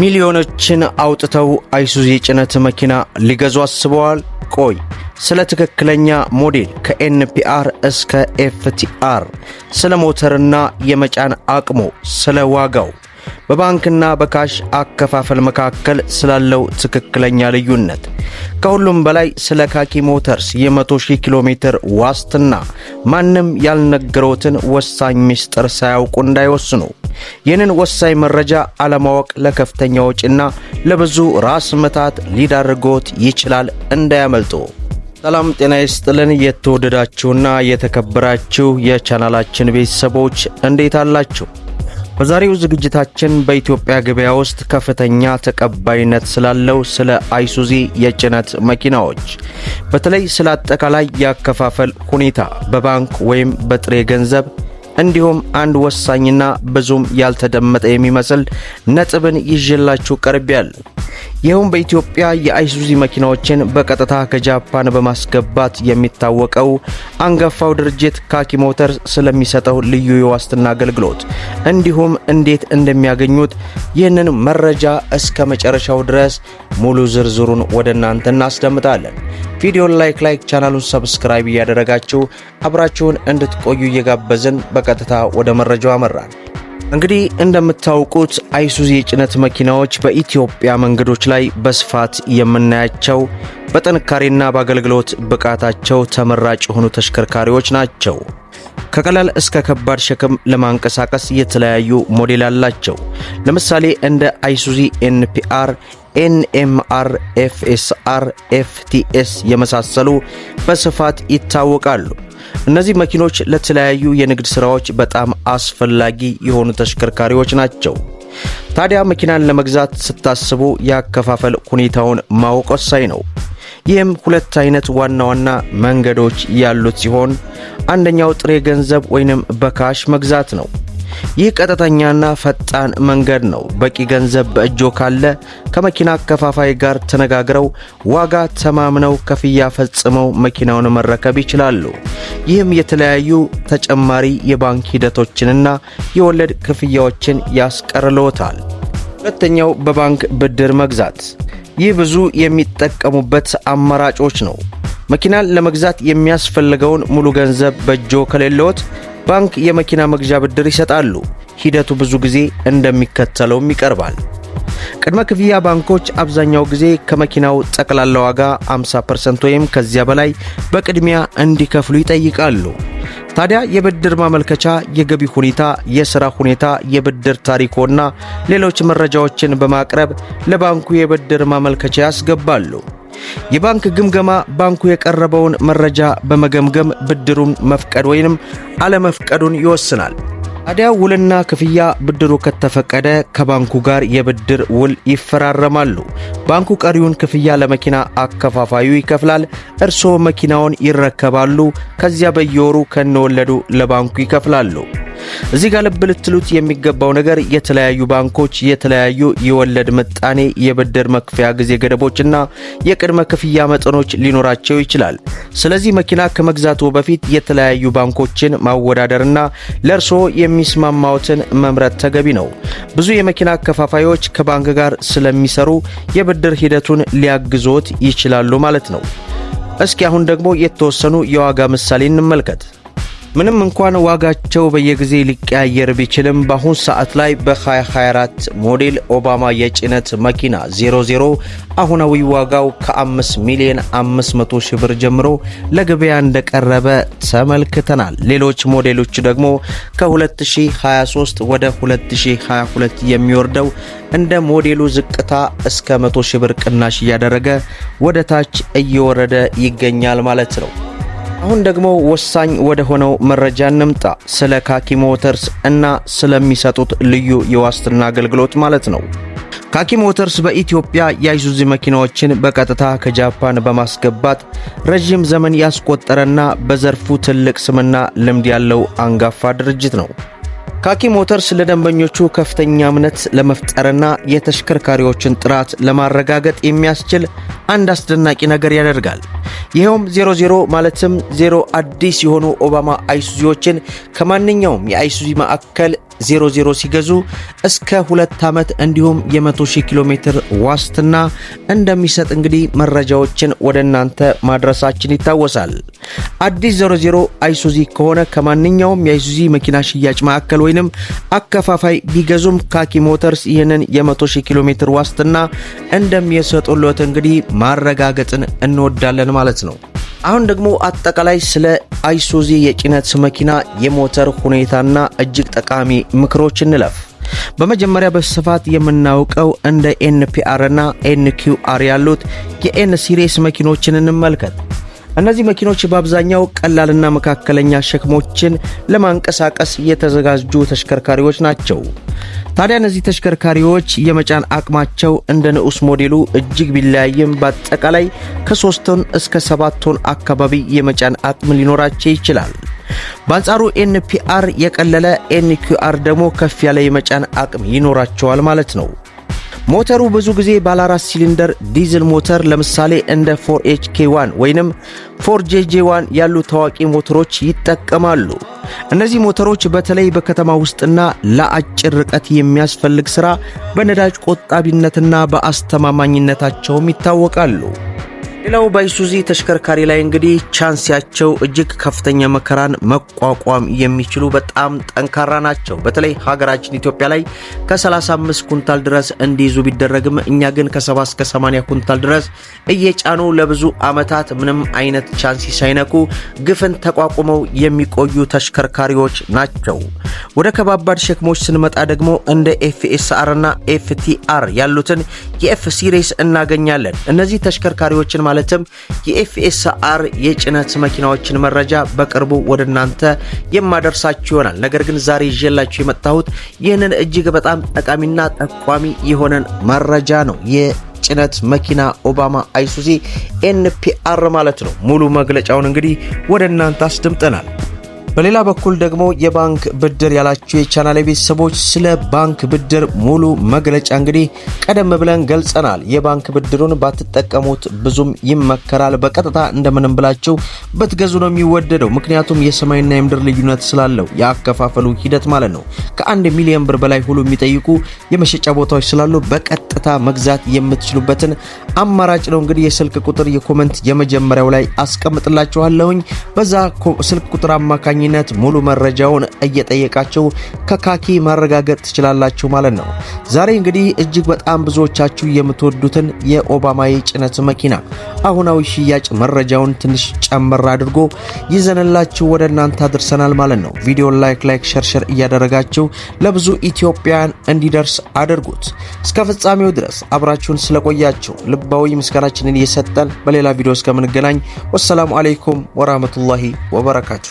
ሚሊዮኖችን አውጥተው አይሱዙ የጭነት መኪና ሊገዙ አስበዋል? ቆይ ስለ ትክክለኛ ሞዴል ከኤንፒአር እስከ ኤፍቲአር፣ ስለ ሞተርና የመጫን አቅሞ ስለ ዋጋው በባንክና በካሽ አከፋፈል መካከል ስላለው ትክክለኛ ልዩነት፣ ከሁሉም በላይ ስለ ካኪ ሞተርስ የ100 ሺህ ኪሎ ሜትር ዋስትና ማንም ያልነገረውትን ወሳኝ ምስጥር ሳያውቁ እንዳይወስኑ። ይህንን ወሳኝ መረጃ አለማወቅ ለከፍተኛ ወጪና ለብዙ ራስ ምታት ሊዳርጎት ይችላል። እንዳያመልጡ። ሰላም ጤና ይስጥልን። የተወደዳችሁና የተከበራችሁ የቻናላችን ቤተሰቦች እንዴት አላችሁ? በዛሬው ዝግጅታችን በኢትዮጵያ ገበያ ውስጥ ከፍተኛ ተቀባይነት ስላለው ስለ አይሱዚ የጭነት መኪናዎች በተለይ ስለ አጠቃላይ የአከፋፈል ሁኔታ በባንክ ወይም በጥሬ ገንዘብ እንዲሁም አንድ ወሳኝና ብዙም ያልተደመጠ የሚመስል ነጥብን ይዤላችሁ ቀርቤያለሁ። ይኸውም በኢትዮጵያ የአይሱዚ መኪናዎችን በቀጥታ ከጃፓን በማስገባት የሚታወቀው አንጋፋው ድርጅት ካኪ ሞተር ስለሚሰጠው ልዩ የዋስትና አገልግሎት እንዲሁም እንዴት እንደሚያገኙት ይህንን መረጃ እስከ መጨረሻው ድረስ ሙሉ ዝርዝሩን ወደ እናንተ እናስደምጣለን። ቪዲዮን ላይክ ላይክ ቻናሉን ሰብስክራይብ እያደረጋችሁ አብራችሁን እንድትቆዩ እየጋበዝን በቀጥታ ወደ መረጃው አመራን። እንግዲህ እንደምታውቁት አይሱዚ የጭነት መኪናዎች በኢትዮጵያ መንገዶች ላይ በስፋት የምናያቸው በጥንካሬና በአገልግሎት ብቃታቸው ተመራጭ የሆኑ ተሽከርካሪዎች ናቸው። ከቀላል እስከ ከባድ ሸክም ለማንቀሳቀስ የተለያዩ ሞዴል አላቸው። ለምሳሌ እንደ አይሱዚ ኤንፒአር፣ ኤንኤምአር፣ ኤፍኤስአር፣ ኤፍቲኤስ የመሳሰሉ በስፋት ይታወቃሉ። እነዚህ መኪኖች ለተለያዩ የንግድ ስራዎች በጣም አስፈላጊ የሆኑ ተሽከርካሪዎች ናቸው። ታዲያ መኪናን ለመግዛት ስታስቡ የአከፋፈል ሁኔታውን ማወቅ ወሳኝ ነው። ይህም ሁለት አይነት ዋና ዋና መንገዶች ያሉት ሲሆን አንደኛው ጥሬ ገንዘብ ወይንም በካሽ መግዛት ነው። ይህ ቀጥተኛና ፈጣን መንገድ ነው። በቂ ገንዘብ በእጆ ካለ ከመኪና አከፋፋይ ጋር ተነጋግረው ዋጋ ተማምነው ክፍያ ፈጽመው መኪናውን መረከብ ይችላሉ። ይህም የተለያዩ ተጨማሪ የባንክ ሂደቶችንና የወለድ ክፍያዎችን ያስቀርልዎታል። ሁለተኛው በባንክ ብድር መግዛት። ይህ ብዙ የሚጠቀሙበት አማራጮች ነው። መኪናን ለመግዛት የሚያስፈልገውን ሙሉ ገንዘብ በእጆ ከሌለዎት ባንክ የመኪና መግዣ ብድር ይሰጣሉ። ሂደቱ ብዙ ጊዜ እንደሚከተለውም ይቀርባል። ቅድመ ክፍያ ባንኮች አብዛኛው ጊዜ ከመኪናው ጠቅላላ ዋጋ 50% ወይም ከዚያ በላይ በቅድሚያ እንዲከፍሉ ይጠይቃሉ። ታዲያ የብድር ማመልከቻ፣ የገቢ ሁኔታ፣ የሥራ ሁኔታ፣ የብድር ታሪኮና ሌሎች መረጃዎችን በማቅረብ ለባንኩ የብድር ማመልከቻ ያስገባሉ። የባንክ ግምገማ ባንኩ የቀረበውን መረጃ በመገምገም ብድሩን መፍቀድ ወይንም አለመፍቀዱን ይወስናል። ታዲያ ውልና ክፍያ ብድሩ ከተፈቀደ ከባንኩ ጋር የብድር ውል ይፈራረማሉ። ባንኩ ቀሪውን ክፍያ ለመኪና አከፋፋዩ ይከፍላል። እርስዎ መኪናውን ይረከባሉ። ከዚያ በየወሩ ከነወለዱ ለባንኩ ይከፍላሉ። እዚህ ጋር ልብ ልትሉት የሚገባው ነገር የተለያዩ ባንኮች የተለያዩ የወለድ ምጣኔ፣ የብድር መክፈያ ጊዜ ገደቦችና የቅድመ ክፍያ መጠኖች ሊኖራቸው ይችላል። ስለዚህ መኪና ከመግዛቱ በፊት የተለያዩ ባንኮችን ማወዳደርና ለእርስዎ የሚስማማዎትን መምረጥ ተገቢ ነው። ብዙ የመኪና አከፋፋዮች ከባንክ ጋር ስለሚሰሩ የብድር ሂደቱን ሊያግዞት ይችላሉ ማለት ነው። እስኪ አሁን ደግሞ የተወሰኑ የዋጋ ምሳሌ እንመልከት። ምንም እንኳን ዋጋቸው በየጊዜ ሊቀያየር ቢችልም በአሁን ሰዓት ላይ በ2024 ሞዴል ኦባማ የጭነት መኪና 00 አሁናዊ ዋጋው ከ5 ሚሊዮን 500 ሺህ ብር ጀምሮ ለገበያ እንደቀረበ ተመልክተናል። ሌሎች ሞዴሎች ደግሞ ከ2023 ወደ 2022 የሚወርደው እንደ ሞዴሉ ዝቅታ እስከ 100 ሺህ ብር ቅናሽ እያደረገ ወደ ታች እየወረደ ይገኛል ማለት ነው። አሁን ደግሞ ወሳኝ ወደ ሆነው መረጃ እንምጣ። ስለ ካኪ ሞተርስ እና ስለሚሰጡት ልዩ የዋስትና አገልግሎት ማለት ነው። ካኪ ሞተርስ በኢትዮጵያ የአይሱዙ መኪናዎችን በቀጥታ ከጃፓን በማስገባት ረዥም ዘመን ያስቆጠረና በዘርፉ ትልቅ ስምና ልምድ ያለው አንጋፋ ድርጅት ነው። ካኪ ሞተርስ ለደንበኞቹ ከፍተኛ እምነት ለመፍጠርና የተሽከርካሪዎችን ጥራት ለማረጋገጥ የሚያስችል አንድ አስደናቂ ነገር ያደርጋል። ይኸውም 00 ማለትም 0 አዲስ የሆኑ ኦባማ አይሱዚዎችን ከማንኛውም የአይሱዚ ማዕከል 00 ሲገዙ እስከ ሁለት ዓመት እንዲሁም የ100 ሺህ ኪሎ ሜትር ዋስትና እንደሚሰጥ እንግዲህ መረጃዎችን ወደ እናንተ ማድረሳችን ይታወሳል። አዲስ 00 አይሱዚ ከሆነ ከማንኛውም የአይሱዚ መኪና ሽያጭ ማዕከል ወይንም አከፋፋይ ቢገዙም ካኪ ሞተርስ ይህንን የ100 ኪሎ ሜትር ዋስትና እንደሚሰጡለት እንግዲህ ማረጋገጥን እንወዳለን ማለት ነው። አሁን ደግሞ አጠቃላይ ስለ አይሱዚ የጭነት መኪና የሞተር ሁኔታና እጅግ ጠቃሚ ምክሮች እንለፍ። በመጀመሪያ በስፋት የምናውቀው እንደ ኤንፒአር እና ኤንኪውአር ያሉት የኤን ሲሪስ መኪኖችን እንመልከት። እነዚህ መኪኖች በአብዛኛው ቀላልና መካከለኛ ሸክሞችን ለማንቀሳቀስ የተዘጋጁ ተሽከርካሪዎች ናቸው። ታዲያ እነዚህ ተሽከርካሪዎች የመጫን አቅማቸው እንደ ንዑስ ሞዴሉ እጅግ ቢለያይም በአጠቃላይ ከ3 ቶን እስከ 7 ቶን አካባቢ የመጫን አቅም ሊኖራቸው ይችላል። በአንጻሩ ኤንፒአር የቀለለ፣ ኤንኪአር ደግሞ ከፍ ያለ የመጫን አቅም ይኖራቸዋል ማለት ነው። ሞተሩ ብዙ ጊዜ ባለ ሲሊንደር ዲዝል ሞተር ለምሳሌ እንደ 4HK1 ወይንም 4JJ1 ያሉ ታዋቂ ሞተሮች ይጠቀማሉ። እነዚህ ሞተሮች በተለይ በከተማ ውስጥና ለአጭር ርቀት የሚያስፈልግ ሥራ በነዳጅ ቆጣቢነትና በአስተማማኝነታቸውም ይታወቃሉ። ሌላው ባይሱዚ ተሽከርካሪ ላይ እንግዲህ ቻንስ ያቸው እጅግ ከፍተኛ መከራን መቋቋም የሚችሉ በጣም ጠንካራ ናቸው። በተለይ ሀገራችን ኢትዮጵያ ላይ ከ35 ኩንታል ድረስ እንዲይዙ ቢደረግም እኛ ግን ከ70 እስከ 80 ኩንታል ድረስ እየጫኑ ለብዙ ዓመታት ምንም አይነት ቻንስ ሳይነኩ ግፍን ተቋቁመው የሚቆዩ ተሽከርካሪዎች ናቸው። ወደ ከባባድ ሸክሞች ስንመጣ ደግሞ እንደ ኤፍኤስአር እና ኤፍቲአር ያሉትን የኤፍ ሲሪስ እናገኛለን። እነዚህ ተሽከርካሪዎችን ማለትም የኤፍኤስአር የጭነት መኪናዎችን መረጃ በቅርቡ ወደ እናንተ የማደርሳችሁ ይሆናል። ነገር ግን ዛሬ ይዤላችሁ የመጣሁት ይህንን እጅግ በጣም ጠቃሚና ጠቋሚ የሆነን መረጃ ነው። ጭነት መኪና ኦባማ አይሱዚ ኤንፒአር ማለት ነው። ሙሉ መግለጫውን እንግዲህ ወደ እናንተ አስደምጠናል። በሌላ በኩል ደግሞ የባንክ ብድር ያላቸው የቻናል ቤተሰቦች ስለ ባንክ ብድር ሙሉ መግለጫ እንግዲህ ቀደም ብለን ገልጸናል። የባንክ ብድሩን ባትጠቀሙት ብዙም ይመከራል። በቀጥታ እንደምንም ብላቸው በትገዙ ነው የሚወደደው። ምክንያቱም የሰማይና የምድር ልዩነት ስላለው የአከፋፈሉ ሂደት ማለት ነው። ከአንድ ሚሊዮን ብር በላይ ሁሉ የሚጠይቁ የመሸጫ ቦታዎች ስላሉ በቀጥታ መግዛት የምትችሉበትን አማራጭ ነው እንግዲህ የስልክ ቁጥር የኮመንት የመጀመሪያው ላይ አስቀምጥላችኋለሁኝ በዛ ስልክ ቁጥር አማካኝ ግንኙነት ሙሉ መረጃውን እየጠየቃችሁ ከካኪ ማረጋገጥ ትችላላችሁ ማለት ነው። ዛሬ እንግዲህ እጅግ በጣም ብዙዎቻችሁ የምትወዱትን የኦባማ የጭነት መኪና አሁናዊ ሽያጭ መረጃውን ትንሽ ጨመር አድርጎ ይዘንላችሁ ወደ እናንተ አድርሰናል ማለት ነው። ቪዲዮን ላይክ ላይክ ሸርሸር እያደረጋችሁ ለብዙ ኢትዮጵያን እንዲደርስ አድርጉት። እስከ ፍጻሜው ድረስ አብራችሁን ስለቆያችሁ ልባዊ ምስጋናችንን እየሰጠን በሌላ ቪዲዮ እስከምንገናኝ ወሰላሙ አሌይኩም ወራህመቱላሂ ወበረካቱ።